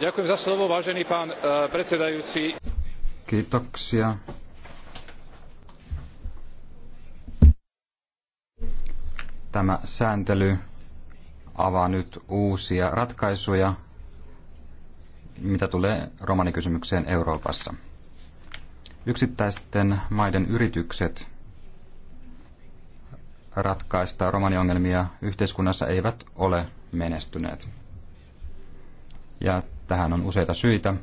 E, Kiitoksia. Tämä sääntely avaa nyt uusia ratkaisuja, mitä tulee romanikysymykseen Euroopassa. Yksittäisten maiden yritykset ratkaista romaniongelmia yhteiskunnassa eivät ole menestyneet. Ja Tähän on useita syitä.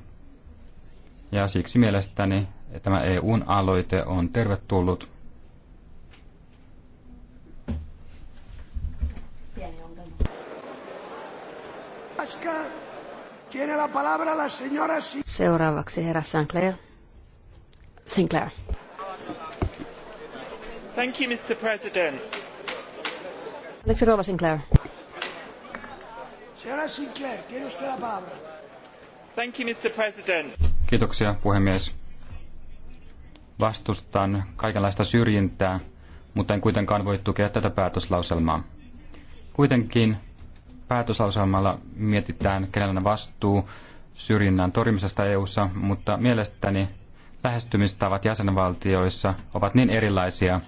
Ja siksi mielestäni tämä EUn aloite on tervetullut. Seuraavaksi herra Sinclair. Sinclair. Thank you, Mr. President. Anteeksi, rouva Sinclair. Señora Sinclair, tiene usted la palabra. Kiitoksia, puhemies. Vastustan kaikenlaista syrjintää, mutta en kuitenkaan voi tukea tätä päätöslauselmaa. Kuitenkin päätöslauselmalla mietitään, kenellä vastuu syrjinnän torjumisesta EU:ssa, mutta mielestäni lähestymistavat jäsenvaltioissa ovat niin erilaisia,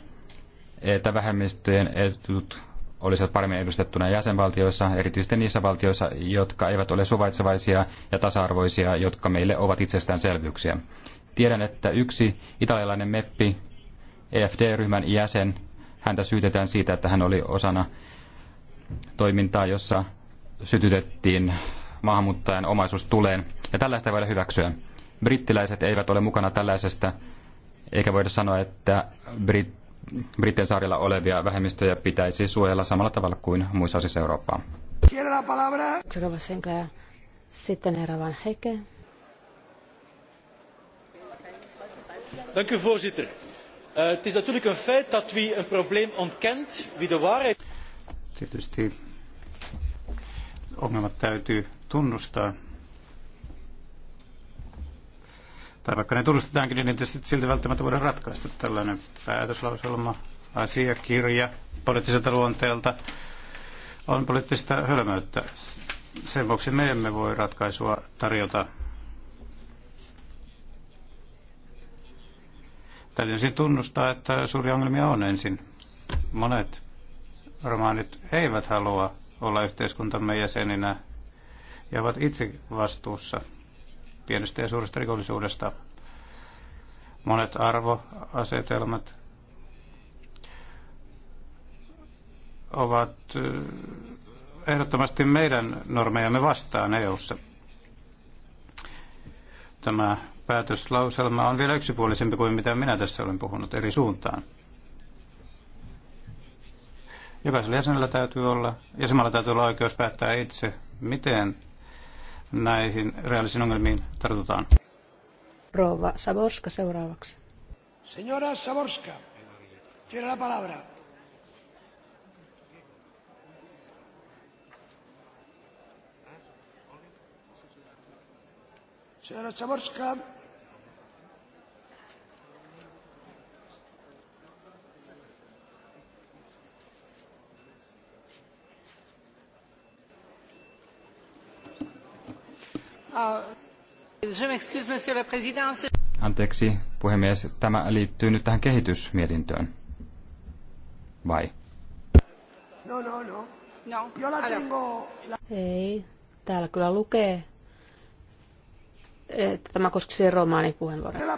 että vähemmistöjen etut olisivat paremmin edustettuna jäsenvaltioissa, erityisesti niissä valtioissa, jotka eivät ole suvaitsevaisia ja tasa-arvoisia, jotka meille ovat itsestäänselvyyksiä. Tiedän, että yksi italialainen meppi, EFD-ryhmän jäsen, häntä syytetään siitä, että hän oli osana toimintaa, jossa sytytettiin maahanmuuttajan omaisuus tuleen. Ja tällaista ei voida hyväksyä. Brittiläiset eivät ole mukana tällaisesta, eikä voida sanoa, että brit Brittien saarilla olevia vähemmistöjä pitäisi suojella samalla tavalla kuin muissa osissa Eurooppaa. Sitten herra Van Heke. Dank u voorzitter. Eh, het is natuurlijk een feit dat wie een probleem ontkent, wie de waarheid... Tietysti ongelmat täytyy tunnustaa tai vaikka ne tunnustetaankin, niin niitä silti välttämättä voidaan ratkaista tällainen päätöslauselma, asiakirja poliittiselta luonteelta on poliittista hölmöyttä. Sen vuoksi me emme voi ratkaisua tarjota. Täytyy ensin tunnustaa, että suuria ongelmia on ensin. Monet romaanit eivät halua olla yhteiskuntamme jäseninä ja ovat itse vastuussa pienestä ja suuresta rikollisuudesta. Monet arvoasetelmat ovat eh, ehdottomasti meidän normejamme vastaan EU:ssa. Tämä päätöslauselma on vielä yksipuolisempi kuin mitä minä tässä olen puhunut eri suuntaan. Jokaisella jäsenellä täytyy olla, jäsenellä täytyy olla oikeus päättää itse, miten näihin reaalisiin ongelmiin tartutaan. Rouva Saborska seuraavaksi. Señora Saborska, tiene la palabra. Señora Saborska, Anteeksi, puhemies. Tämä liittyy nyt tähän kehitysmietintöön. Vai? No, no, no. No. Tengo... Ei, täällä kyllä lukee, että tämä koskisi romaanipuheenvuoroa.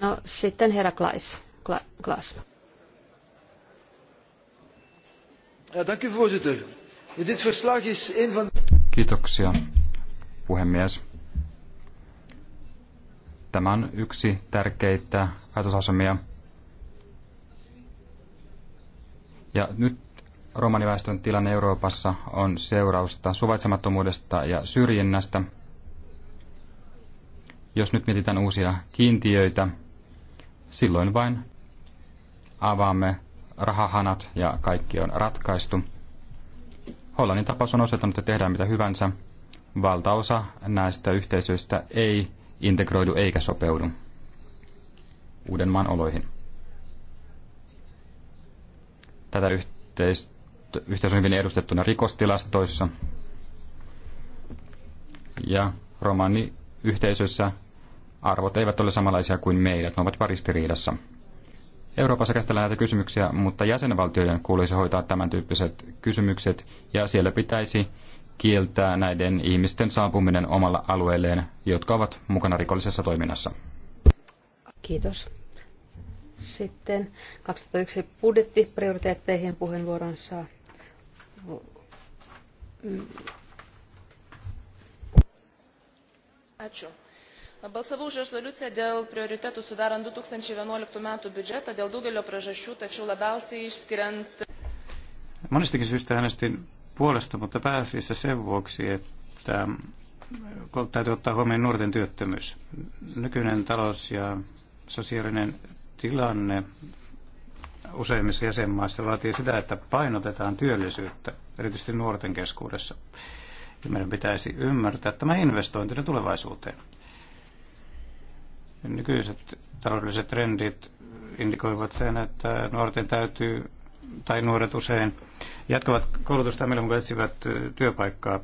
No sitten herra Klaas. Kla, Ja, dank u voorzitter. Dit verslag is een van... Kiitoksia puhemies. Tämä on yksi tärkeitä ajatusasemia. Ja nyt romaniväestön tilanne Euroopassa on seurausta suvaitsemattomuudesta ja syrjinnästä. Jos nyt mietitään uusia kiintiöitä, silloin vain avaamme rahahanat ja kaikki on ratkaistu. Hollannin tapaus on osoittanut, että tehdään mitä hyvänsä, valtaosa näistä yhteisöistä ei integroidu eikä sopeudu Uudenmaan oloihin. Tätä yhteisö on hyvin edustettuna rikostilastoissa ja romaniyhteisöissä arvot eivät ole samanlaisia kuin meidät ne ovat paristiriidassa. Euroopassa käsitellään näitä kysymyksiä, mutta jäsenvaltioiden kuuluisi hoitaa tämän tyyppiset kysymykset ja siellä pitäisi kieltää näiden ihmisten saapuminen omalla alueelleen, jotka ovat mukana rikollisessa toiminnassa. Kiitos. Sitten 2001 budjettiprioriteetteihin puheenvuoron saa Ačiū. Balsavau už rezoliuciją dėl prioritetų sudarant 2011 metų biudžetą dėl daugelio priežasčių, tačiau labiausiai išskiriant. Monestakin syystä äänestin puolesta, mutta pääasiassa sen vuoksi, että täytyy ottaa huomioon nuorten työttömyys. Nykyinen talous ja sosiaalinen tilanne useimmissa jäsenmaissa vaatii sitä, että painotetaan työllisyyttä, erityisesti nuorten keskuudessa. Ja meidän pitäisi ymmärtää tämä investointi tulevaisuuteen. Nykyiset taloudelliset trendit indikoivat sen, että nuorten täytyy, tai nuoret usein jatkavat koulutusta meillä, kun etsivät työpaikkaa.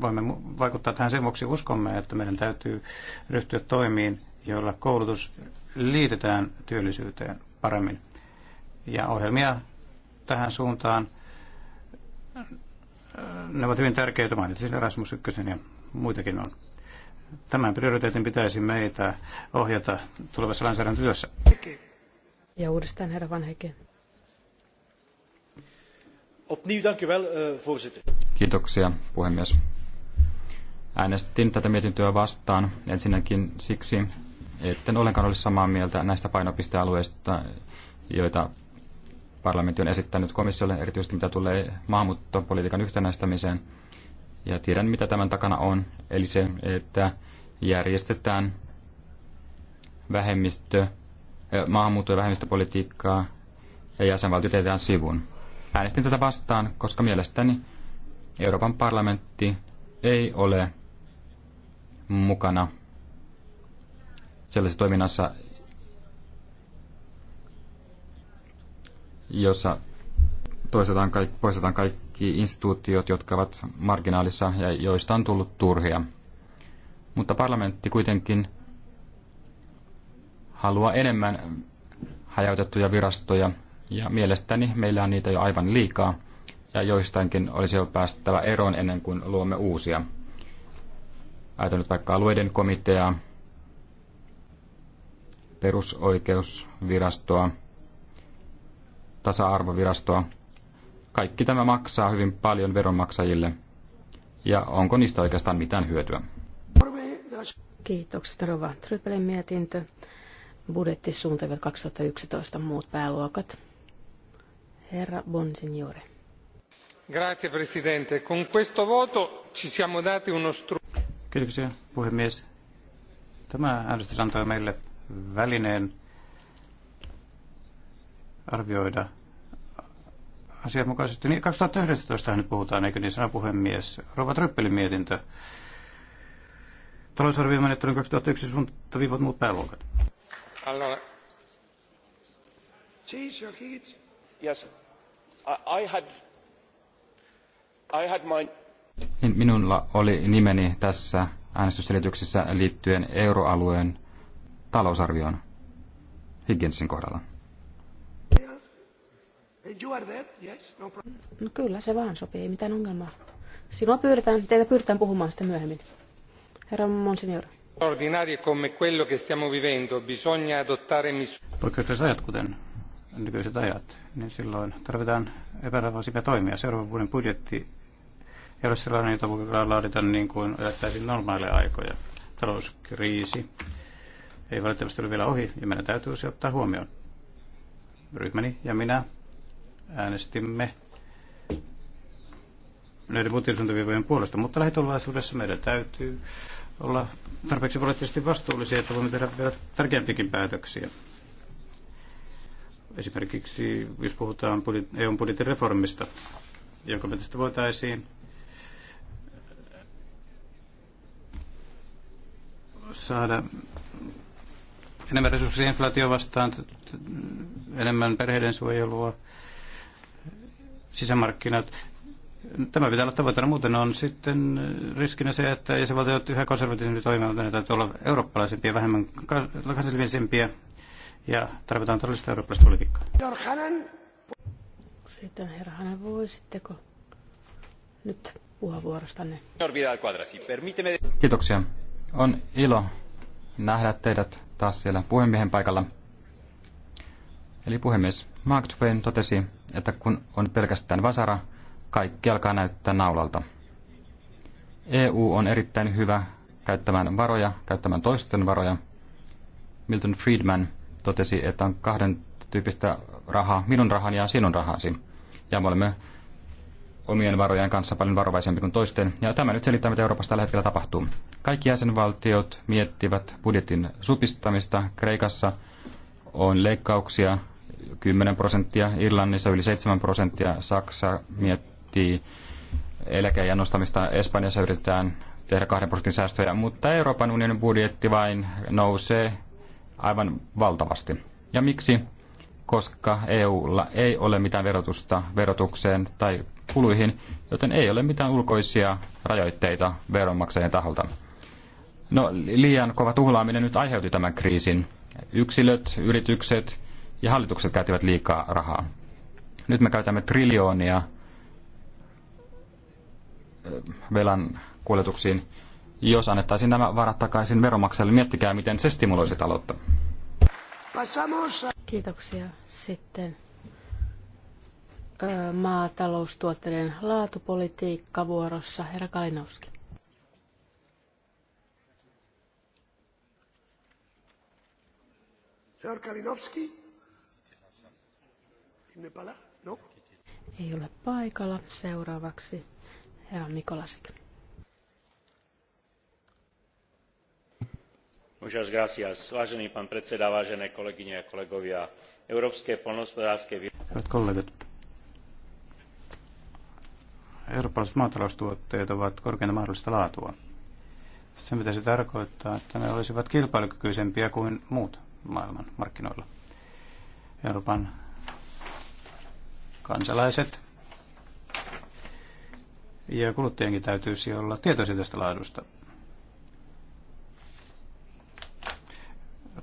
Voimme vaikuttaa tähän sen vuoksi uskomme, että meidän täytyy ryhtyä toimiin, joilla koulutus liitetään työllisyyteen paremmin. Ja ohjelmia tähän suuntaan, ne ovat hyvin tärkeitä, mainitsin Erasmus 1 ja muitakin on tämän prioriteetin pitäisi meitä ohjata tulevassa lainsäädäntötyössä. Ja uudestaan herra Vanheke. Opnieuw dank u wel, eh, voorzitter. Kiitoksia, puhemies. Äänestin tätä mietintöä vastaan ensinnäkin siksi, etten ollenkaan ole samaa mieltä näistä painopistealueista, joita parlamentti on esittänyt komissiolle, erityisesti mitä tulee maahanmuuttopolitiikan yhtenäistämiseen. Ja tiedän, mitä tämän takana on, eli se, että järjestetään vähemmistö, eh, maahanmuutto- ja vähemmistöpolitiikkaa ja jäsenvaltio tehdään sivuun. Äänestin tätä vastaan, koska mielestäni Euroopan parlamentti ei ole mukana sellaisessa toiminnassa, jossa toistetaan kaikki, poistetaan kaikki instituutiot, jotka ovat marginaalissa ja joista on tullut turhia. Mutta parlamentti kuitenkin haluaa enemmän hajautettuja virastoja ja mielestäni meillä on niitä jo aivan liikaa, ja joistainkin olisi jo päästävä eroon ennen kuin luomme uusia. Ajatellaan nyt vaikka alueiden komiteaa, perusoikeusvirastoa, tasa-arvovirastoa. Kaikki tämä maksaa hyvin paljon veronmaksajille, ja onko niistä oikeastaan mitään hyötyä? Kiitoksesta Rova Trypelin mietintö Budjettisuunta 2011 muut pääluokat. Herra Bonsignore. Grazie Presidente. Con questo voto ci siamo dati uno stru... Kiitoksia puhemies. Tämä äänestys antoi meille välineen arvioida asianmukaisesti. Niin 2019 nyt puhutaan, eikö niin sana puhemies? Rova Tryppelin mietintö. Talousarviomenettelyn 2001 suuntaviivat muut pääluokat. Allora. yes. I had, my... Minulla oli nimeni tässä äänestysselityksessä liittyen euroalueen talousarvioon Higginsin kohdalla. No, no kyllä se vaan sopii, ei mitään ongelmaa. Sinua pyydetään, teitä pyydetään puhumaan sitä myöhemmin. Herra Monsignor. Ordinarie come quello che stiamo vivendo, bisogna adottare misure. Poikkeusajat, kuten nykyiset ajat, niin silloin tarvitaan epätavoisia toimia. Seuraavan vuoden budjetti ei ole sellainen, jota voidaan laadita niin kuin ajattaisiin normaaleja aikoja. Talouskriisi ei valitettavasti ole vielä ohi ja meidän täytyy se ottaa huomioon. Ryhmäni ja minä äänestimme näiden muutiosuuntaviivojen puolesta, mutta lähitulevaisuudessa meidän täytyy olla tarpeeksi poliittisesti vastuullisia, että voimme tehdä vielä tärkeämpikin päätöksiä. Esimerkiksi jos puhutaan EUn budjetin reformista, jonka me tästä voitaisiin saada enemmän resursseja inflaatio vastaan, enemmän perheiden suojelua, sisämarkkinat. Tämä pitää olla tavoitteena. Muuten on sitten riskinä se, että jäsenvaltiot yhä konservatiivisempi toimivat. Ne täytyy olla eurooppalaisempia, vähemmän kansallisempia ja tarvitaan todellista eurooppalaista politiikkaa. Sitten herra Hanan, voisitteko nyt puheenvuorostanne? Kiitoksia. On ilo nähdä teidät taas siellä puhemiehen paikalla. Eli puhemies Mark Twain totesi, että kun on pelkästään vasara, kaikki alkaa näyttää naulalta. EU on erittäin hyvä käyttämään varoja, käyttämään toisten varoja. Milton Friedman – totesi, että on kahden tyyppistä rahaa, minun rahani ja sinun rahasi. Ja me olemme omien varojen kanssa paljon varovaisempi kuin toisten. Ja tämä nyt selittää, mitä Euroopassa tällä hetkellä tapahtuu. Kaikki jäsenvaltiot miettivät budjetin supistamista. Kreikassa on leikkauksia 10 prosenttia, Irlannissa yli 7 prosenttia, Saksa miettii eläkeiän nostamista, Espanjassa yritetään tehdä 2 prosentin säästöjä, mutta Euroopan unionin budjetti vain nousee aivan valtavasti. Ja miksi? Koska EUlla ei ole mitään verotusta verotukseen tai kuluihin, joten ei ole mitään ulkoisia rajoitteita veronmaksajien taholta. No, liian kova tuhlaaminen nyt aiheutti tämän kriisin. Yksilöt, yritykset ja hallitukset käyttivät liikaa rahaa. Nyt me käytämme triljoonia velan kuljetuksiin jos annettaisiin nämä varat takaisin veromaksajille. Miettikää, miten se stimuloisi taloutta. Kiitoksia. Sitten maataloustuotteiden laatupolitiikka vuorossa. Herra Kalinowski. Herra Kalinowski? No. Ei ole paikalla. Seuraavaksi herra Mikolasikin. vážený pán európske poľnohospodárske Eurooppalaiset maataloustuotteet ovat korkeinta mahdollista laatua. Se mitä se tarkoittaa, että ne olisivat kilpailukykyisempiä kuin muut maailman markkinoilla. Euroopan kansalaiset ja kuluttajienkin täytyisi olla tietoisia tästä laadusta.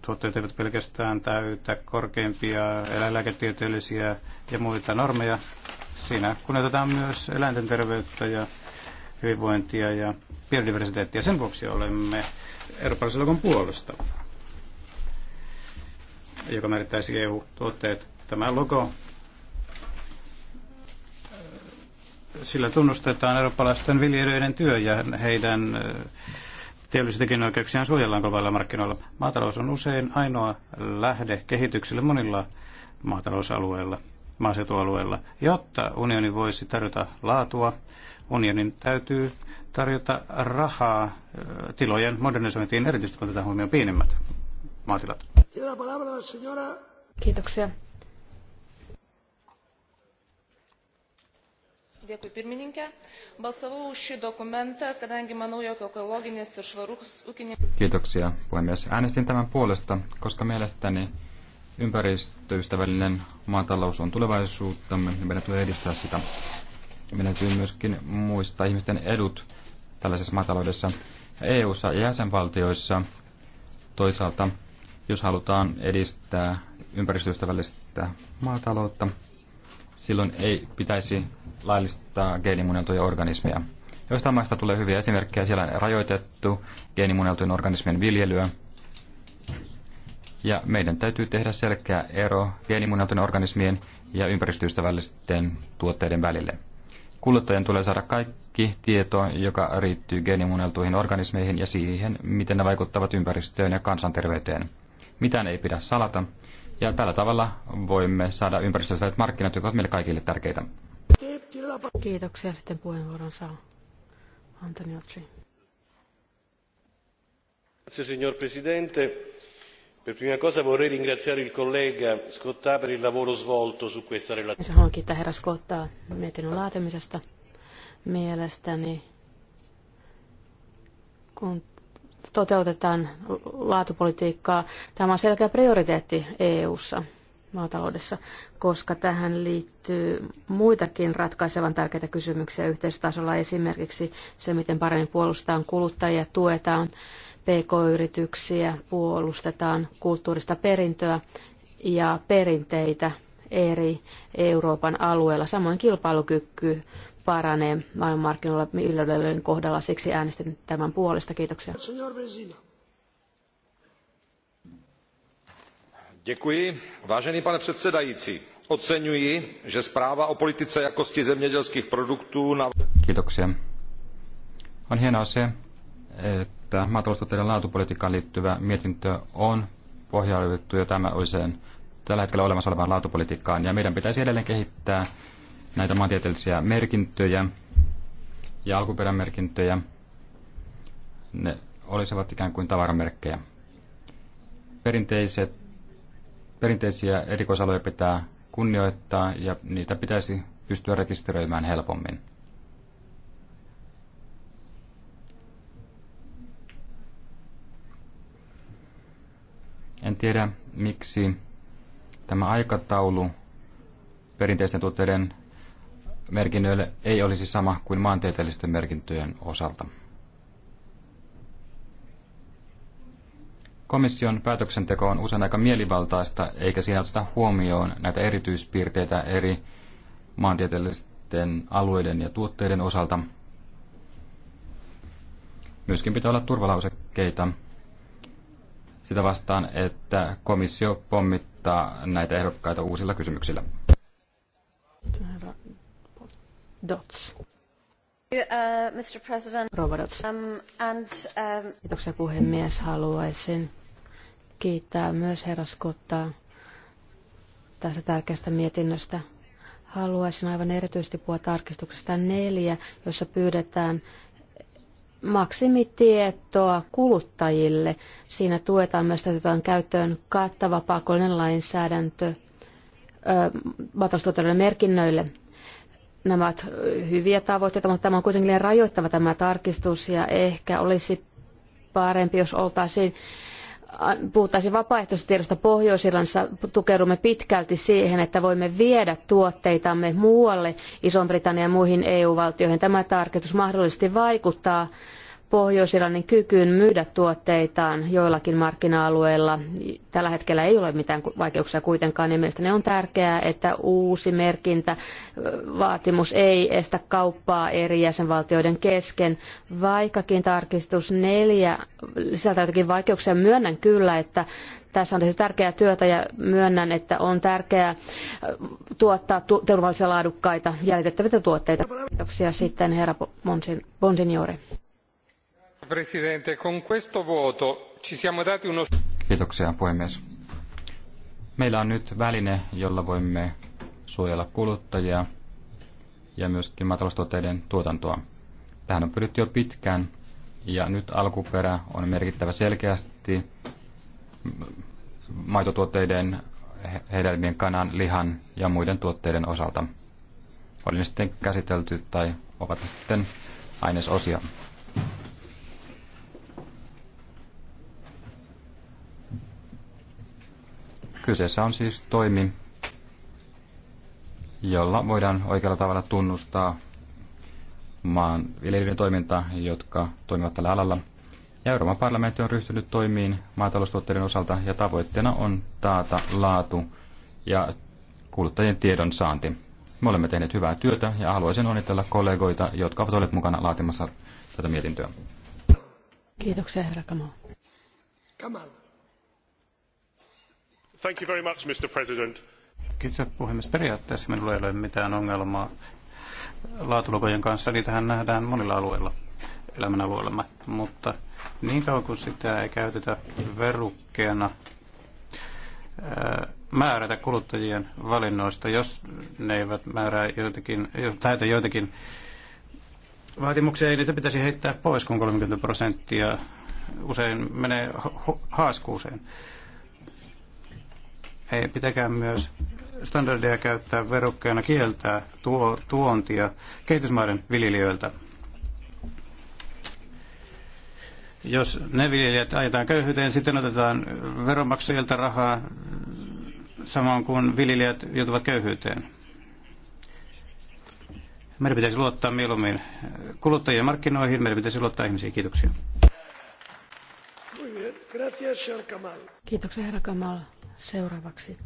tuotteet eivät pelkästään täytä korkeimpia eläinlääketieteellisiä ja muita normeja. Siinä kunnioitetaan myös eläinten terveyttä ja hyvinvointia ja biodiversiteettiä. Sen vuoksi olemme Euroopan puolesta, joka määrittäisi EU-tuotteet. Tämä logo sillä tunnustetaan eurooppalaisten viljelijöiden työ ja heidän teollisiakin oikeuksiaan suojellaan globaaleilla markkinoilla. Maatalous on usein ainoa lähde kehitykselle monilla maatalousalueilla, maaseutualueilla. Jotta unioni voisi tarjota laatua, unionin täytyy tarjota rahaa tilojen modernisointiin, erityisesti kun otetaan huomioon pienemmät maatilat. Kiitoksia. Dėkui pirmininkė. Balsavau už šį dokumentą, kadangi manau, jog ekologinės ja švarus ūkininkas... Kiitoksia puhemies. Äänestin tämän puolesta, koska mielestäni ympäristöystävällinen maatalous on tulevaisuuttamme ja meidän tulee edistää sitä. Meidän täytyy myöskin muistaa ihmisten edut tällaisessa maataloudessa. EU-ssa ja jäsenvaltioissa toisaalta, jos halutaan edistää ympäristöystävällistä maataloutta, silloin ei pitäisi laillistaa geenimuunneltuja organismeja. Joistain maista tulee hyviä esimerkkejä. Siellä on rajoitettu geenimuunneltujen organismien viljelyä. Ja meidän täytyy tehdä selkeä ero geenimuunneltujen organismien ja ympäristöystävällisten tuotteiden välille. Kuluttajan tulee saada kaikki tieto, joka riittyy geenimuunneltuihin organismeihin ja siihen, miten ne vaikuttavat ympäristöön ja kansanterveyteen. Mitään ei pidä salata. Ja tällä tavalla voimme saada ympäristöystävät markkinat, jotka ovat meille kaikille tärkeitä. Kiitoksia. Sitten puheenvuoron saa Antonio Grazie Signor Presidente, per prima cosa vorrei ringraziare il collega Scotta per il lavoro svolto su questa relazione. Haluan kiittää herra Scottaa mietinnön laatimisesta. Mielestäni kun toteutetaan laatupolitiikkaa. Tämä on selkeä prioriteetti EU:ssa maataloudessa, koska tähän liittyy muitakin ratkaisevan tärkeitä kysymyksiä yhteistasolla, esimerkiksi se, miten paremmin puolustetaan kuluttajia, tuetaan pk-yrityksiä, puolustetaan kulttuurista perintöä ja perinteitä eri Euroopan alueella Samoin kilpailukyky paranee maailmanmarkkinoilla miljoonien kohdalla, siksi äänestin tämän puolesta. Kiitoksia. Děkuji. Vážený pane předsedající, oceňuji, že zpráva o politice jakosti zemědělských produktů na... Kiitoksia. On hieno se, että maataloustuotteiden laatupolitiikkaan liittyvä mietintö on pohjallistettu jo tämän oiseen tällä hetkellä olemassa olevaan laatupolitiikkaan. Ja meidän pitäisi edelleen kehittää näitä maantieteellisiä merkintöjä ja alkuperämerkintöjä. Ne olisivat ikään kuin tavaramerkkejä. Perinteiset, perinteisiä erikoisaloja pitää kunnioittaa ja niitä pitäisi pystyä rekisteröimään helpommin. En tiedä, miksi Tämä aikataulu perinteisten tuotteiden merkinnöille ei olisi sama kuin maantieteellisten merkintöjen osalta. Komission päätöksenteko on usein aika mielivaltaista, eikä siinä oteta huomioon näitä erityispiirteitä eri maantieteellisten alueiden ja tuotteiden osalta. Myöskin pitää olla turvalausekkeita, sitä vastaan, että komissio pommittaa näitä ehdokkaita uusilla kysymyksillä. Dots. Mr. President. Rouva Dots. Um, um, Kiitoksia puhemies. Haluaisin kiittää myös herra Skottaa tästä tärkeästä mietinnöstä. Haluaisin aivan erityisesti puhua tarkistuksesta neljä, jossa pyydetään, maksimitietoa kuluttajille. Siinä tuetaan myös, että otetaan käyttöön kattava pakollinen lainsäädäntö maataloustuotannon merkinnöille. Nämä ovat hyviä tavoitteita, mutta tämä on kuitenkin liian rajoittava tämä tarkistus ja ehkä olisi parempi, jos oltaisiin puhuttaisiin tiedosta Pohjois-Irlannissa, tukeudumme pitkälti siihen, että voimme viedä tuotteitamme muualle Iso-Britannian ja muihin EU-valtioihin. Tämä tarkistus mahdollisesti vaikuttaa Pohjois-Irlannin kykyyn myydä tuotteitaan joillakin markkina-alueilla. Tällä hetkellä ei ole mitään vaikeuksia kuitenkaan, niin mielestäni on tärkeää, että uusi merkintävaatimus ei estä kauppaa eri jäsenvaltioiden kesken. Vaikkakin tarkistus neljä sisältää jotakin vaikeuksia, myönnän kyllä, että tässä on tehty tärkeää työtä ja myönnän, että on tärkeää tuottaa tu- turvallisia laadukkaita jäljitettäviä tuotteita. Kiitoksia sitten herra Bonsignore. Presidente. Con questo voto ci siamo dati uno... Kiitoksia puhemies. Meillä on nyt väline, jolla voimme suojella kuluttajia ja myöskin maataloustuotteiden tuotantoa. Tähän on pyritty jo pitkään ja nyt alkuperä on merkittävä selkeästi maitotuotteiden, hedelmien, kanan, lihan ja muiden tuotteiden osalta. Oli ne sitten käsitelty tai ovat ne sitten ainesosia. Kyseessä on siis toimi, jolla voidaan oikealla tavalla tunnustaa maan viljelijöiden toimintaa, jotka toimivat tällä alalla. Ja Euroopan parlamentti on ryhtynyt toimiin maataloustuotteiden osalta ja tavoitteena on taata laatu ja kuluttajien tiedon saanti. Me olemme tehneet hyvää työtä ja haluaisin onnitella kollegoita, jotka ovat olleet mukana laatimassa tätä mietintöä. Kiitoksia, herra Kamala. Kamal. Thank puhemies. Periaatteessa minulla ei ole mitään ongelmaa laatulukujen kanssa. Niitähän nähdään monilla alueilla, elämän alueilla. Mutta niin kauan kuin sitä ei käytetä verukkeena määrätä kuluttajien valinnoista, jos ne eivät määrää joitakin, täytä joitakin vaatimuksia, ei niitä pitäisi heittää pois, kun 30 prosenttia usein menee haaskuuseen. Ei pitäkää myös standardeja käyttää verukkeena kieltää tuo, tuontia kehitysmaiden viljelijöiltä. Jos ne viljelijät ajetaan köyhyyteen, sitten otetaan veronmaksajilta rahaa samoin kuin viljelijät joutuvat köyhyyteen. Meidän pitäisi luottaa mieluummin kuluttajien markkinoihin, meidän pitäisi luottaa ihmisiin. Kiitoksia. Kiitoksia herra Kamal. Seuraavaksi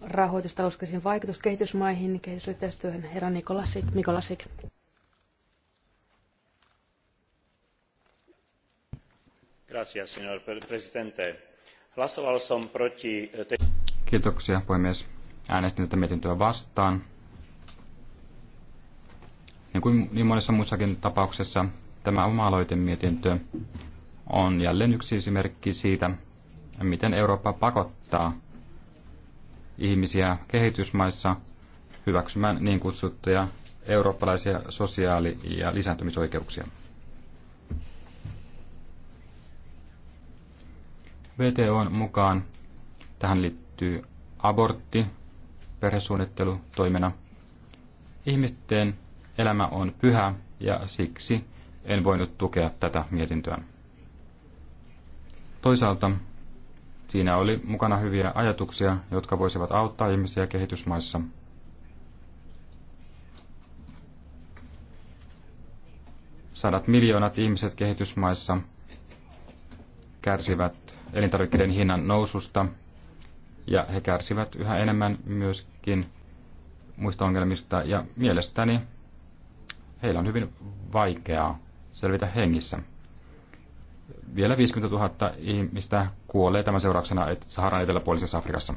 rahoitustalouskriisin vaikutus kehitysmaihin, kehitysyhteistyöhön. Herra Nikolasik. Mikolasik. Gracias, señor presidente. proti... Eh, Kiitoksia, puhemies. Äänestin tätä mietintöä vastaan. Niin kuin niin monessa muussakin tapauksessa, tämä oma aloitemietintö on jälleen yksi esimerkki siitä, miten Eurooppa pakottaa ihmisiä kehitysmaissa hyväksymään niin kutsuttuja eurooppalaisia sosiaali- ja lisääntymisoikeuksia. VTOn mukaan tähän liittyy abortti perhesuunnittelu toimena. Ihmisten elämä on pyhä ja siksi en voinut tukea tätä mietintöä. Toisaalta siinä oli mukana hyviä ajatuksia, jotka voisivat auttaa ihmisiä kehitysmaissa. Sadat miljoonat ihmiset kehitysmaissa kärsivät elintarvikkeiden hinnan noususta ja he kärsivät yhä enemmän myöskin muista ongelmista ja mielestäni heillä on hyvin vaikeaa selvitä hengissä vielä 50 000 ihmistä kuolee tämän seurauksena Saharan eteläpuolisessa Afrikassa.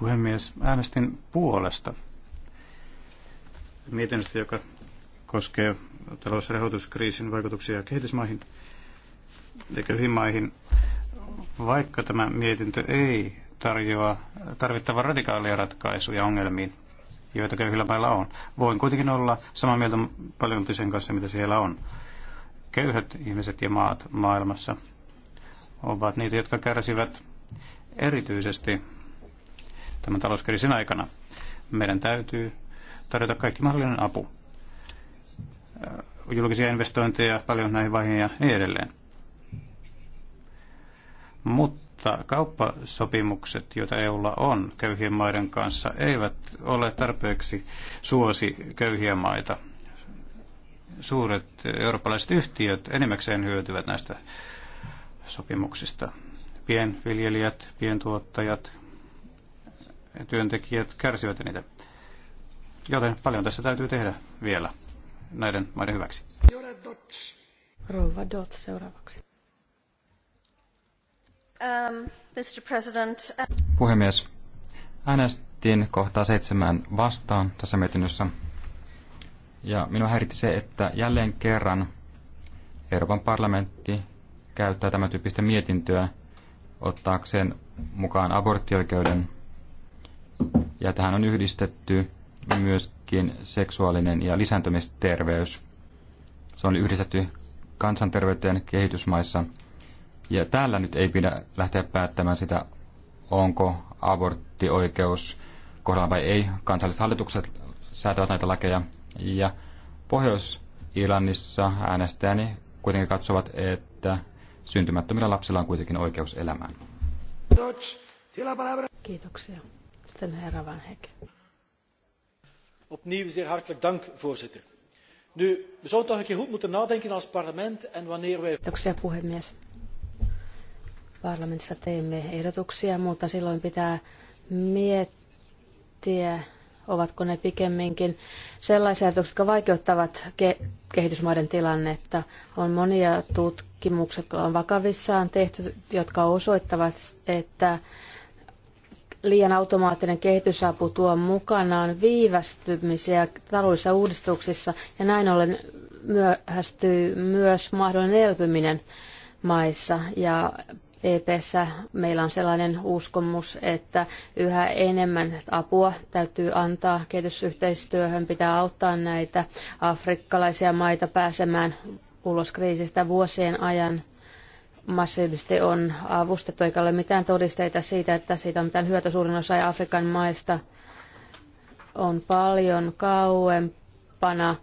Puhemies, äänestin puolesta mietinnöstä, joka koskee talousrahoituskriisin vaikutuksia kehitysmaihin ja köyhiin maihin. Vaikka tämä mietintö ei tarjoa tarvittavan radikaalia ratkaisuja ongelmiin, joita köyhillä mailla on. Voin kuitenkin olla samaa mieltä paljon sen kanssa, mitä siellä on. Köyhät ihmiset ja maat maailmassa ovat niitä, jotka kärsivät erityisesti tämän talouskriisin aikana. Meidän täytyy tarjota kaikki mahdollinen apu. Julkisia investointeja paljon näihin vaiheihin ja niin edelleen. Mutta kauppasopimukset, joita EUlla on köyhien maiden kanssa, eivät ole tarpeeksi suosi köyhiä maita. Suuret eurooppalaiset yhtiöt enimmäkseen hyötyvät näistä sopimuksista. Pienviljelijät, pientuottajat, työntekijät kärsivät niitä. Joten paljon tässä täytyy tehdä vielä näiden maiden hyväksi. Rouva Dot seuraavaksi. Um, Mr. President. Uh, Puhemies, äänestin kohtaa seitsemän vastaan tässä mietinnössä. Ja minua häiritti se, että jälleen kerran Euroopan parlamentti käyttää tämän tyyppistä mietintöä ottaakseen mukaan aborttioikeuden. Ja tähän on yhdistetty myöskin seksuaalinen ja lisääntymisterveys. Se on yhdistetty kansanterveyteen kehitysmaissa – ja täällä nyt ei pidä lähteä päättämään sitä, onko aborttioikeus kohdalla vai ei. Kansalliset hallitukset säätävät näitä lakeja. Ja Pohjois-Irlannissa äänestäjäni kuitenkin katsovat, että syntymättömillä lapsilla on kuitenkin oikeus elämään. Kiitoksia. Sitten herra Van Hek. Opnieuw zeer hartelijk dank, voorzitter. Nu, we zouden toch een keer goed moeten nadenken als parlement en wanneer wij... Kiitoksia puhemies parlamentissa teemme ehdotuksia, mutta silloin pitää miettiä, ovatko ne pikemminkin sellaisia ehdotuksia, jotka vaikeuttavat ke- kehitysmaiden tilannetta. On monia tutkimuksia, jotka on vakavissaan tehty, jotka osoittavat, että liian automaattinen kehitysapu tuo mukanaan viivästymisiä taloudellisissa uudistuksissa ja näin ollen myöhästyy myös mahdollinen elpyminen maissa ja EPssä meillä on sellainen uskomus, että yhä enemmän apua täytyy antaa kehitysyhteistyöhön, pitää auttaa näitä afrikkalaisia maita pääsemään ulos kriisistä vuosien ajan massiivisesti on avustettu, eikä ole mitään todisteita siitä, että siitä on mitään hyötyä. Suurin osa Afrikan maista on paljon kauempana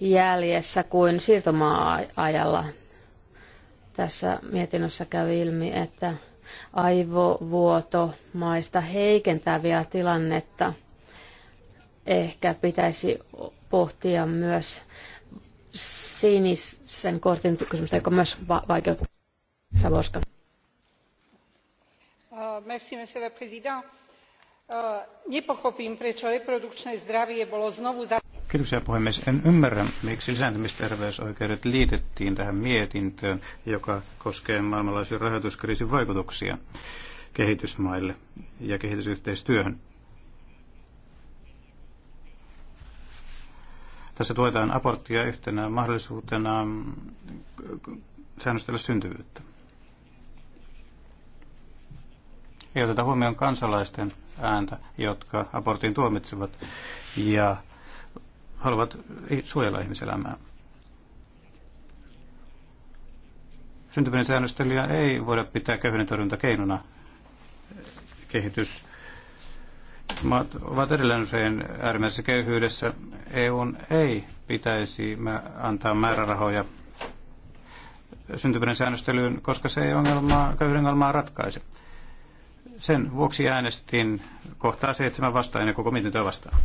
jäljessä kuin siirtomaa-ajalla. Tässä mietinnössä käy ilmi, että aivovuoto maista heikentää vielä tilannetta. Ehkä pitäisi pohtia myös sinisen kortin kysymystä, joka myös va- vaikeuttaa. Saborska. Uh, merci, monsieur le président. Uh, nepochopím, prečo reprodukčné zdravie bolo znovu za... Kiitoksia puhemies. En ymmärrä, miksi lisääntymisterveysoikeudet liitettiin tähän mietintöön, joka koskee maailmanlaajuisen rahoituskriisin vaikutuksia kehitysmaille ja kehitysyhteistyöhön. Tässä tuetaan aborttia yhtenä mahdollisuutena säännöstellä syntyvyyttä. Ei oteta huomioon kansalaisten ääntä, jotka abortin tuomitsevat, ja haluavat suojella ihmiselämää. Syntyminen säännöstelijä ei voida pitää köyhyyden torjunta Kehitys Kehitysmaat ovat edelleen usein äärimmäisessä köyhyydessä. EUn ei pitäisi antaa määrärahoja syntyminen säännöstelyyn, koska se ei ongelmaa, köyhyyden ongelmaa ratkaise. Sen vuoksi äänestin kohtaa seitsemän vastaan ja koko mietintöä vastaan.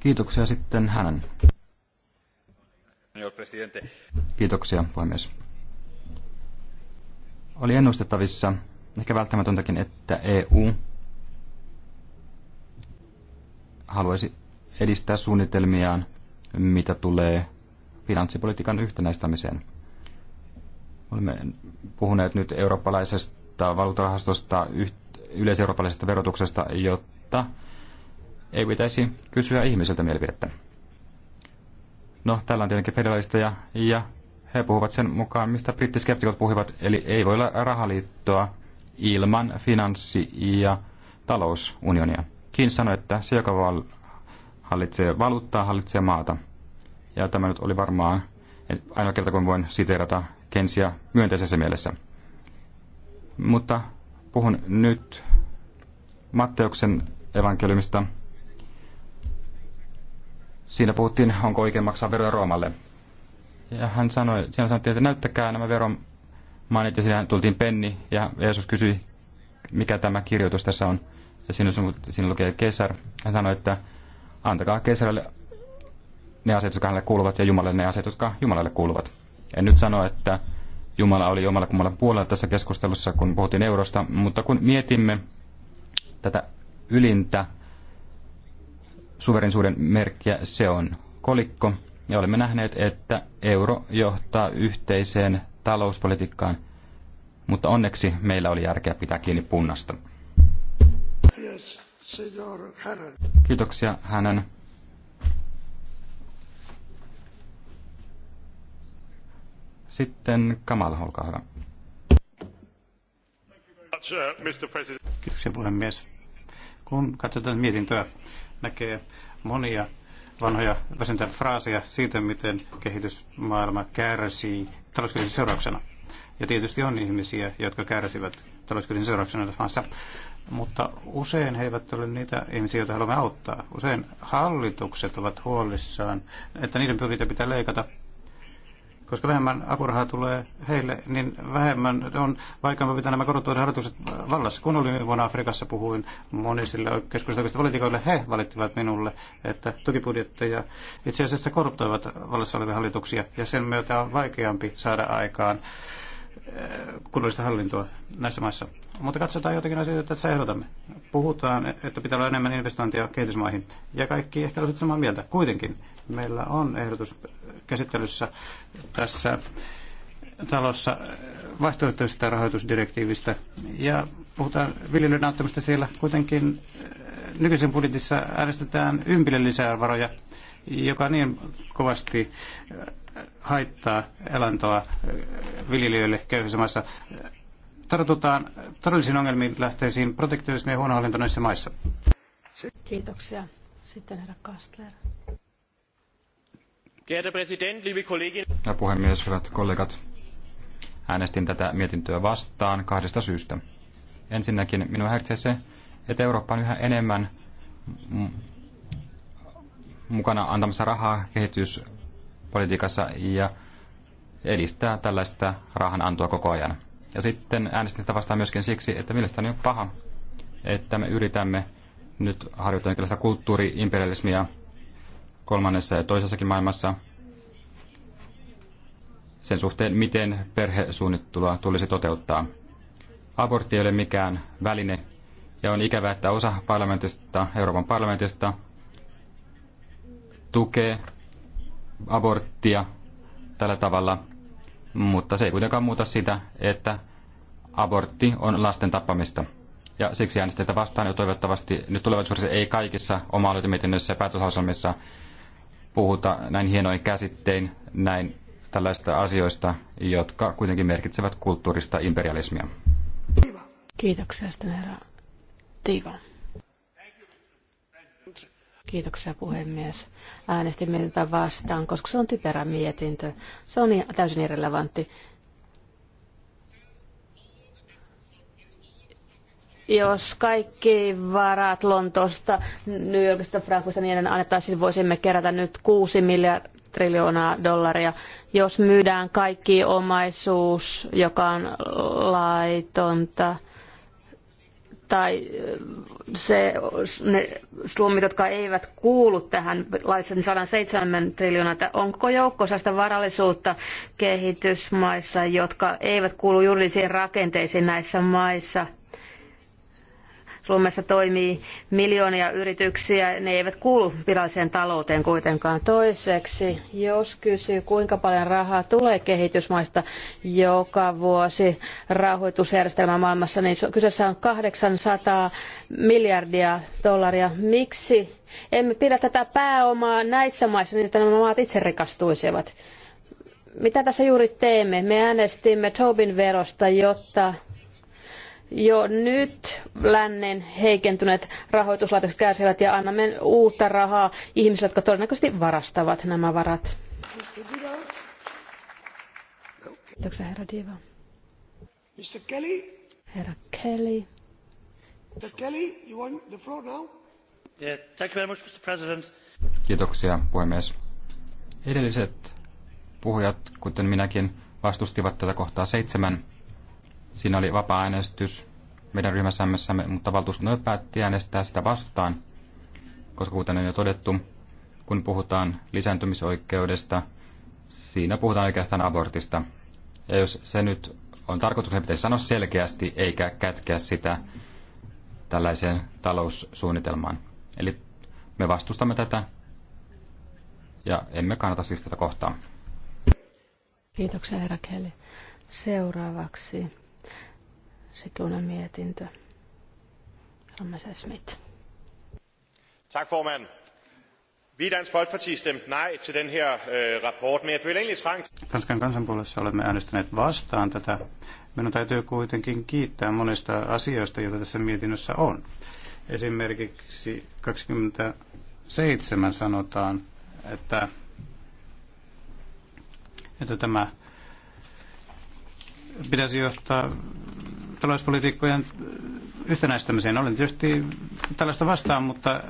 Kiitoksia sitten hänen. Kiitoksia, puhemies. Oli ennustettavissa, ehkä välttämätöntäkin, että EU haluaisi edistää suunnitelmiaan, mitä tulee finanssipolitiikan yhtenäistämiseen. Olemme puhuneet nyt eurooppalaisesta valuutarahastosta, yleiseurooppalaisesta verotuksesta, jotta ei pitäisi kysyä ihmiseltä mielipidettä. No, täällä on tietenkin federalisteja ja he puhuvat sen mukaan, mistä brittiskeptikot puhuvat, eli ei voi olla rahaliittoa ilman finanssi- ja talousunionia. Kiin sanoi, että se, joka val- hallitsee valuuttaa, hallitsee maata. Ja tämä nyt oli varmaan ainoa kerta, kun voin siteerata Kensia myönteisessä mielessä. Mutta puhun nyt Matteuksen evankeliumista Siinä puhuttiin, onko oikein maksaa veroja Roomalle. Ja hän sanoi, siellä sanottiin, että näyttäkää nämä veromainit, ja siinä tultiin penni, ja Jeesus kysyi, mikä tämä kirjoitus tässä on. Ja siinä, siinä lukee Kesar. Hän sanoi, että antakaa Kesarille ne asiat, jotka hänelle kuuluvat, ja Jumalalle ne asiat, jotka Jumalalle kuuluvat. En nyt sano, että Jumala oli omalla kummalla puolella tässä keskustelussa, kun puhuttiin eurosta, mutta kun mietimme tätä ylintä suverensuuden merkkiä, se on kolikko. Ja olemme nähneet, että euro johtaa yhteiseen talouspolitiikkaan, mutta onneksi meillä oli järkeä pitää kiinni punnasta. Kiitoksia hänen. Sitten Kamal, olkaa hyvä. Uh, Kiitoksia puhemies kun katsotaan mietintöä, näkee monia vanhoja väsentä fraaseja siitä, miten kehitysmaailma kärsii talouskriisin seurauksena. Ja tietysti on ihmisiä, jotka kärsivät talouskriisin seurauksena maassa. Mutta usein he eivät ole niitä ihmisiä, joita haluamme auttaa. Usein hallitukset ovat huolissaan, että niiden pyritä pitää leikata koska vähemmän apurahaa tulee heille, niin vähemmän on vaikeampaa pitää nämä korruptoidut hallitukset vallassa. Kun olin vuonna Afrikassa, puhuin monisille keskustelukaisille politiikoille, he valittivat minulle, että tukipudjetteja itse asiassa korruptoivat vallassa olevia hallituksia, ja sen myötä on vaikeampi saada aikaan eh, kunnollista hallintoa näissä maissa. Mutta katsotaan jotakin asioita, että se ehdotamme. Puhutaan, että pitää olla enemmän investointia kehitysmaihin. Ja kaikki ehkä olisivat samaa mieltä. Kuitenkin Meillä on ehdotus käsittelyssä tässä talossa vaihtoehtoisesta rahoitusdirektiivistä. Ja puhutaan viljelyn auttamista siellä kuitenkin eh, nykyisen budjetissa äänestetään ympille lisää varoja, joka niin kovasti eh, haittaa elantoa eh, viljelijöille köyhissä maissa. Tartutaan todellisiin ongelmiin lähteisiin protektionismiin ja huonohallinto näissä maissa. Kiitoksia. Sitten herra Kastler. Herra puhemies, hyvät kollegat. Äänestin tätä mietintöä vastaan kahdesta syystä. Ensinnäkin minua häiritsee se, että Eurooppa on yhä enemmän mukana antamassa rahaa kehityspolitiikassa ja edistää tällaista rahan antoa koko ajan. Ja sitten äänestin sitä vastaan myöskin siksi, että mielestäni on paha, että me yritämme nyt harjoittaa tällaista kulttuuriimperialismia kolmannessa ja toisessakin maailmassa sen suhteen, miten perhesuunnittelua tulisi toteuttaa. Abortti ei ole mikään väline, ja on ikävää, että osa parlamentista, Euroopan parlamentista tukee aborttia tällä tavalla, mutta se ei kuitenkaan muuta sitä, että abortti on lasten tappamista. Ja siksi äänestetään vastaan ja toivottavasti nyt tulevaisuudessa ei kaikissa oma-aloitemietinnöissä ja päätöslauselmissa puhuta näin hienoin käsittein näin tällaista asioista, jotka kuitenkin merkitsevät kulttuurista imperialismia. Kiitoksia, herra Tiiva. Kiitoksia puhemies. Äänestin mietintä vastaan, koska se on typerä mietintö. Se on täysin irrelevantti. jos kaikki varat Lontosta, New Yorkista, Frankfurtista niin edelleen annettaisiin, voisimme kerätä nyt 6 miljardia dollaria. Jos myydään kaikki omaisuus, joka on laitonta, tai se, ne slummit, jotka eivät kuulu tähän laissa, niin 107 triljoonaa. Onko joukko sellaista varallisuutta kehitysmaissa, jotka eivät kuulu juridisiin rakenteisiin näissä maissa – Suomessa toimii miljoonia yrityksiä, ne eivät kuulu viralliseen talouteen kuitenkaan. Toiseksi, jos kysyy, kuinka paljon rahaa tulee kehitysmaista joka vuosi rahoitusjärjestelmä maailmassa, niin kyseessä on 800 miljardia dollaria. Miksi emme pidä tätä pääomaa näissä maissa niin, että nämä maat itse rikastuisivat? Mitä tässä juuri teemme? Me äänestimme Tobin verosta, jotta jo nyt lännen heikentyneet rahoituslaitokset kärsivät ja annamme uutta rahaa ihmisille, jotka todennäköisesti varastavat nämä varat. Kiitoksia herra Diva. Mr. Kelly. Herra Kelly. Mr. Kelly, you want the floor now? Yeah, thank you very much, Mr. President. Kiitoksia puhemies. Edelliset puhujat, kuten minäkin, vastustivat tätä kohtaa seitsemän Siinä oli vapaa-äänestys meidän ryhmässämme, mutta valtuuskunta päätti äänestää sitä vastaan, koska kuten on jo todettu, kun puhutaan lisääntymisoikeudesta, siinä puhutaan oikeastaan abortista. Ja jos se nyt on tarkoitus, niin pitäisi sanoa selkeästi, eikä kätkeä sitä tällaiseen taloussuunnitelmaan. Eli me vastustamme tätä ja emme kannata siis tätä kohtaa. Kiitoksia, herra Kelly. Seuraavaksi Siklunen mietintö. Ramses Smith. Tak formand. Vi i Dansk Folkeparti stemte nej til den her øh, rapport, men jeg føler egentlig trang... Tanskan kansanpuolessa olemme äänestäneet vastaan tätä. Minun täytyy kuitenkin kiittää monista asioista, joita tässä mietinnössä on. Esimerkiksi 27 sanotaan, että, että tämä pitäisi johtaa talouspolitiikkojen äh, yhtenäistämiseen. Olen tietysti tällaista vastaan, mutta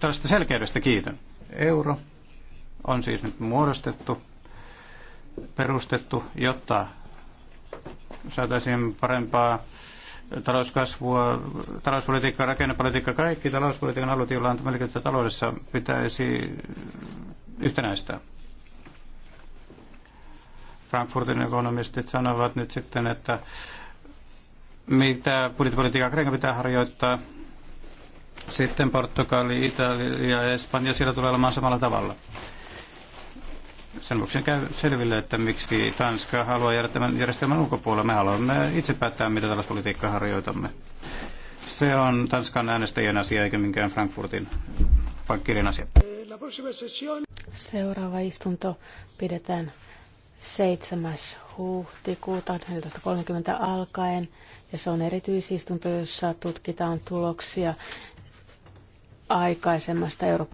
tällaista selkeydestä kiitän. Euro on siis nyt muodostettu, perustettu, jotta saataisiin parempaa talouskasvua, talouspolitiikka, rakennepolitiikka, kaikki talouspolitiikan alueet, joilla on melkein taloudessa, pitäisi yhtenäistää. Frankfurtin ekonomistit sanovat nyt sitten, että mitä budjettipolitiikkaa Kreikan pitää harjoittaa. Sitten Portugali, Italia ja Espanja, siellä tulee olemaan samalla tavalla. Sen vuoksi käy selville, että miksi Tanska haluaa jäädä tämän järjestelmän ulkopuolella. Me haluamme itse päättää, mitä tällaista politiikkaa harjoitamme. Se on Tanskan äänestäjien asia, eikä minkään Frankfurtin pankkirin asia. Seuraava istunto pidetään 7 huhtikuuta 14.30 alkaen ja se on erityisistunto, jossa tutkitaan tuloksia aikaisemmasta Euroopan